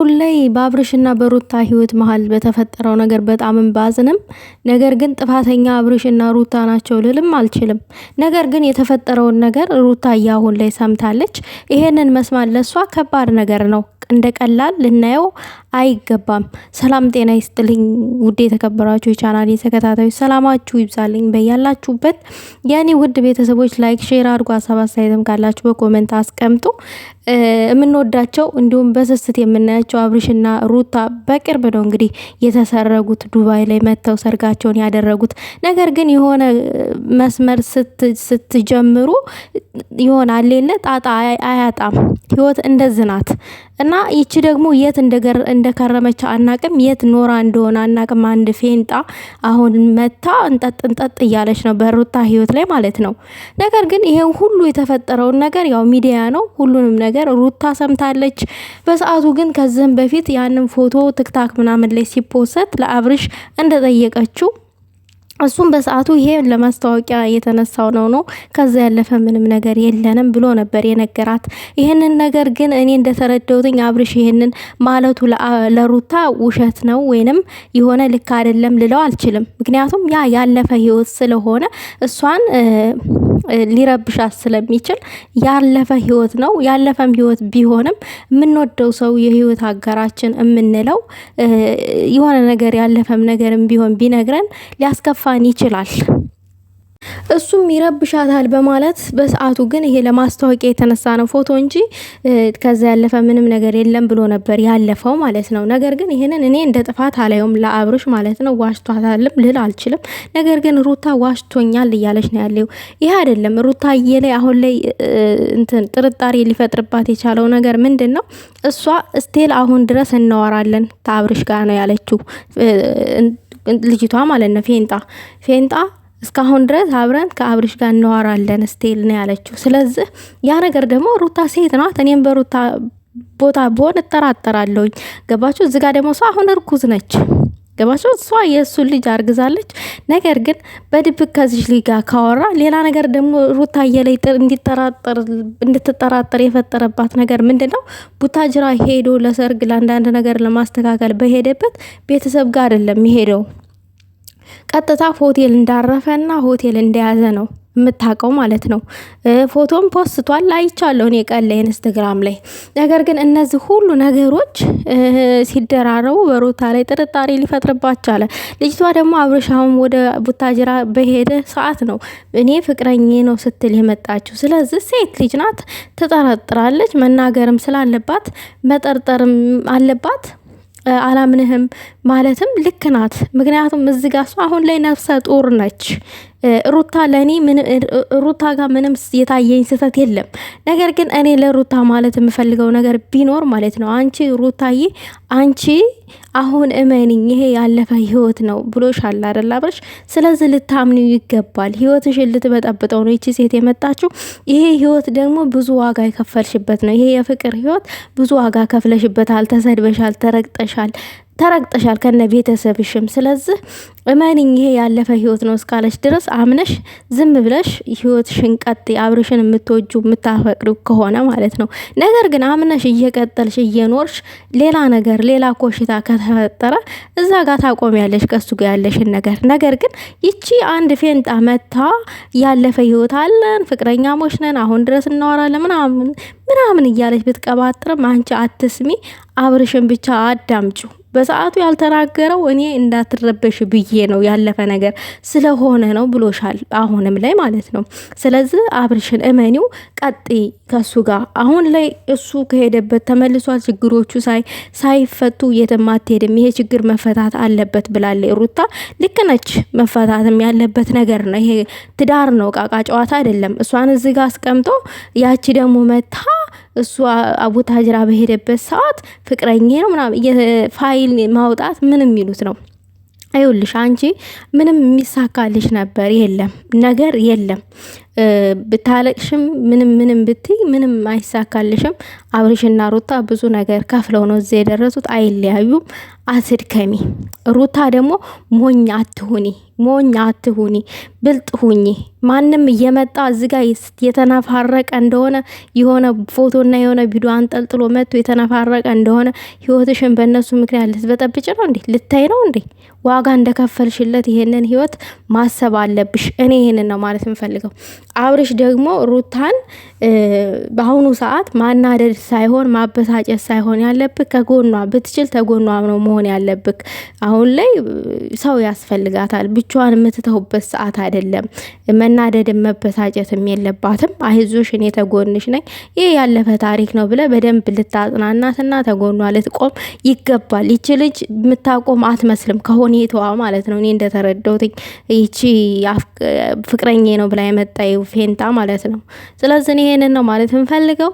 አሁን ላይ በአብርሽና በሩታ ህይወት መሀል በተፈጠረው ነገር በጣም ባዝንም፣ ነገር ግን ጥፋተኛ አብርሽና ሩታ ናቸው ልልም አልችልም። ነገር ግን የተፈጠረውን ነገር ሩታ እያሁን ላይ ሰምታለች። ይሄንን መስማት ለሷ ከባድ ነገር ነው። እንደ ቀላል ልናየው አይገባም። ሰላም ጤና ይስጥልኝ ውድ የተከበራችሁ የቻናል የተከታታዮች ሰላማችሁ ይብዛልኝ በያላችሁበት። የኔ ውድ ቤተሰቦች ላይክ፣ ሼር አድርጎ ሀሳብ አስተያየትም ካላችሁ በኮመንት አስቀምጡ። የምንወዳቸው እንዲሁም በስስት የምናያቸው አብርሽና ሩታ በቅርብ ነው እንግዲህ የተሰረጉት ዱባይ ላይ መጥተው ሰርጋቸውን ያደረጉት። ነገር ግን የሆነ መስመር ስትጀምሩ ይሆን አሌለ ጣጣ አያጣም። ህይወት እንደዚህ ናት እና ይቺ ደግሞ የት እንደገር እንደከረመች አናቅም፣ የት ኖራ እንደሆነ አናቅም። አንድ ፌንጣ አሁን መታ እንጠጥ እንጠጥ እያለች ነው በሩታ ህይወት ላይ ማለት ነው። ነገር ግን ይሄን ሁሉ የተፈጠረውን ነገር ያው ሚዲያ ነው፣ ሁሉንም ነገር ሩታ ሰምታለች። በሰዓቱ ግን ከዚህም በፊት ያንን ፎቶ ትክታክ ምናምን ላይ ሲፖሰት ለአብርሽ እንደጠየቀችው እሱም በሰዓቱ ይሄ ለማስታወቂያ የተነሳው ነው ነው ከዛ ያለፈ ምንም ነገር የለንም ብሎ ነበር የነገራት። ይህንን ነገር ግን እኔ እንደተረዳውትኝ አብርሽ ይህንን ማለቱ ለሩታ ውሸት ነው ወይንም የሆነ ልክ አይደለም ልለው አልችልም። ምክንያቱም ያ ያለፈ ህይወት ስለሆነ እሷን ሊረብሻት ስለሚችል ያለፈ ህይወት ነው። ያለፈም ህይወት ቢሆንም የምንወደው ሰው የህይወት አጋራችን የምንለው የሆነ ነገር ያለፈም ነገርም ቢሆን ቢነግረን ሊያስከፋን ይችላል። እሱም ይረብሻታል በማለት በሰዓቱ ግን ይሄ ለማስታወቂያ የተነሳ ነው ፎቶ እንጂ ከዛ ያለፈ ምንም ነገር የለም ብሎ ነበር ያለፈው ማለት ነው። ነገር ግን ይሄንን እኔ እንደ ጥፋት አላየውም ለአብርሽ ማለት ነው። ዋሽቷታልም ልል አልችልም። ነገር ግን ሩታ ዋሽቶኛል እያለች ነው ያለው። ይሄ አይደለም ሩታ ላይ አሁን ላይ እንትን ጥርጣሬ ሊፈጥርባት የቻለው ነገር ምንድን ነው? እሷ ስቴል አሁን ድረስ እናወራለን ከአብርሽ ጋር ነው ያለችው ልጅቷ ማለት ነው ፌንጣ ፌንጣ እስካሁን ድረስ አብረን ከአብሪሽ ጋር እንዋራለን ስቴል ነው ያለችው። ስለዚህ ያ ነገር ደግሞ ሩታ ሴት ናት። እኔም በሩታ ቦታ ብሆን እጠራጠራለሁኝ። ገባችሁ? እዚጋ ደግሞ ሰው አሁን እርጉዝ ነች። ገባችሁ? እሷ የእሱን ልጅ አርግዛለች። ነገር ግን በድብቅ ከዚች ልጅ ጋር ካወራ ሌላ ነገር ደግሞ ሩታ ላይ እንድትጠራጠር የፈጠረባት ነገር ምንድን ነው? ቡታጅራ ሄዶ ለሰርግ ለአንዳንድ ነገር ለማስተካከል በሄደበት ቤተሰብ ጋር አይደለም የሄደው ቀጥታ ሆቴል እንዳረፈና ሆቴል እንደያዘ ነው የምታውቀው ማለት ነው። ፎቶም ፖስቷል አይቻለሁ እኔ ቀን ላይ ኢንስትግራም ላይ። ነገር ግን እነዚህ ሁሉ ነገሮች ሲደራረቡ በሩታ ላይ ጥርጣሬ ሊፈጥርባት አለ። ልጅቷ ደግሞ አብረሻውም ወደ ቡታጅራ በሄደ ሰዓት ነው እኔ ፍቅረኜ ነው ስትል የመጣችው። ስለዚህ ሴት ልጅ ናት፣ ትጠረጥራለች። መናገርም ስላለባት መጠርጠርም አለባት። አላምንህም ማለትም ልክ ናት። ምክንያቱም እዚህ ጋር እሷ አሁን ላይ ነፍሰ ጡር ነች። ሩታ ለእኔ ሩታ ጋር ምንም የታየኝ ስህተት የለም። ነገር ግን እኔ ለሩታ ማለት የምፈልገው ነገር ቢኖር ማለት ነው አንቺ ሩታዬ አንቺ አሁን እመንኝ ይሄ ያለፈ ህይወት ነው ብሎሻል አይደል አብረሽ። ስለዚህ ልታምኒው ይገባል። ህይወትሽን ልትበጠብጠው ነው ይቺ ሴት የመጣችው። ይሄ ህይወት ደግሞ ብዙ ዋጋ የከፈልሽበት ነው። ይሄ የፍቅር ህይወት ብዙ ዋጋ ከፍለሽበታል። ተሰድበሻል፣ ተረግጠሻል። ተረግጠሻል ከነ ቤተሰብሽም። ስለዚህ እመንኝ ይሄ ያለፈ ህይወት ነው እስካለች ድረስ አምነሽ ዝም ብለሽ ህይወትሽን ቀጥ አብርሽን የምትወጁ የምታፈቅዱ ከሆነ ማለት ነው። ነገር ግን አምነሽ እየቀጠልሽ እየኖርሽ ሌላ ነገር ሌላ ኮሽታ ከተፈጠረ እዛ ጋር ታቆሚያለሽ ከሱ ጋር ያለሽን ነገር። ነገር ግን ይቺ አንድ ፌንጣ መታ ያለፈ ህይወት አለን ፍቅረኛሞች ነን አሁን ድረስ እናወራለን ምናምን ምናምን እያለች ብትቀባጥርም አንቺ አትስሚ፣ አብርሽን ብቻ አዳምጩ። በሰዓቱ ያልተናገረው እኔ እንዳትረበሽ ብዬ ነው ያለፈ ነገር ስለሆነ ነው ብሎሻል። አሁንም ላይ ማለት ነው። ስለዚህ አብርሽን እመኒው፣ ቀጥይ ከሱ ጋር አሁን ላይ እሱ ከሄደበት ተመልሷል። ችግሮቹ ሳይፈቱ የትም አትሄድም። ይሄ ችግር መፈታት አለበት ብላለች ሩታ። ልክ ነች። መፈታትም ያለበት ነገር ነው። ይሄ ትዳር ነው፣ ቃቃ ጨዋታ አይደለም። እሷን እዚህ ጋር አስቀምጦ ያቺ ደግሞ መታ እሱ አቡታጅራ በሄደበት ሰዓት ፍቅረኛ ነው ምናምን የፋይል ማውጣት ምንም የሚሉት ነው። አይውልሽ አንቺ ምንም የሚሳካልሽ ነበር የለም ነገር የለም ብታለቅሽም ምንም ምንም ብትይ ምንም አይሳካልሽም። አብርሽና ሩታ ብዙ ነገር ከፍለው ነው እዚህ የደረሱት። አይለያዩም። አስድከሚ ሩታ ደግሞ ሞኝ አትሁኒ፣ ሞኝ አትሁኒ፣ ብልጥ ሁኚ። ማንም እየመጣ እዚ ጋ የተነፋረቀ እንደሆነ የሆነ ፎቶና የሆነ ቪዲዮ አንጠልጥሎ መጥቶ የተነፋረቀ እንደሆነ ህይወትሽን በእነሱ ምክንያት ልትበጠብጭ ነው እንዴ? ልታይ ነው እንዴ? ዋጋ እንደከፈልሽለት ይሄንን ህይወት ማሰብ አለብሽ። እኔ ይሄንን ነው ማለት የምፈልገው። አብርሽ ደግሞ ሩታን በአሁኑ ሰዓት ማናደድ ሳይሆን ማበሳጨት ሳይሆን ያለብክ ከጎኗ ብትችል ተጎኗ ነው መሆን ያለብክ። አሁን ላይ ሰው ያስፈልጋታል። ብቻዋን የምትተውበት ሰዓት አይደለም። መናደድም መበሳጨትም የለባትም። አይዞሽ፣ እኔ ተጎንሽ ነኝ፣ ይህ ያለፈ ታሪክ ነው ብለ በደንብ ልታጽናናትና ተጎኗ ልትቆም ይገባል። ይች ልጅ የምታቆም አትመስልም ከሁኔታዋ ማለት ነው። እኔ እንደተረዳሁት ይቺ ፍቅረኛ ነው ብላ የመጣ ፌንጣ ማለት ነው። ስለዚህ ይሄንን ነው ማለት የምፈልገው።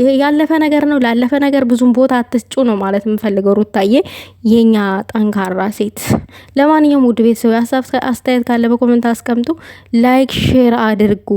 ይሄ ያለፈ ነገር ነው። ላለፈ ነገር ብዙም ቦታ አትስጩ ነው ማለት የምፈልገው። ሩታዬ የኛ ጠንካራ ሴት። ለማንኛውም ውድ ቤተሰብ ሀሳብ፣ አስተያየት ካለ በኮመንት አስቀምጡ። ላይክ ሼር አድርጉ።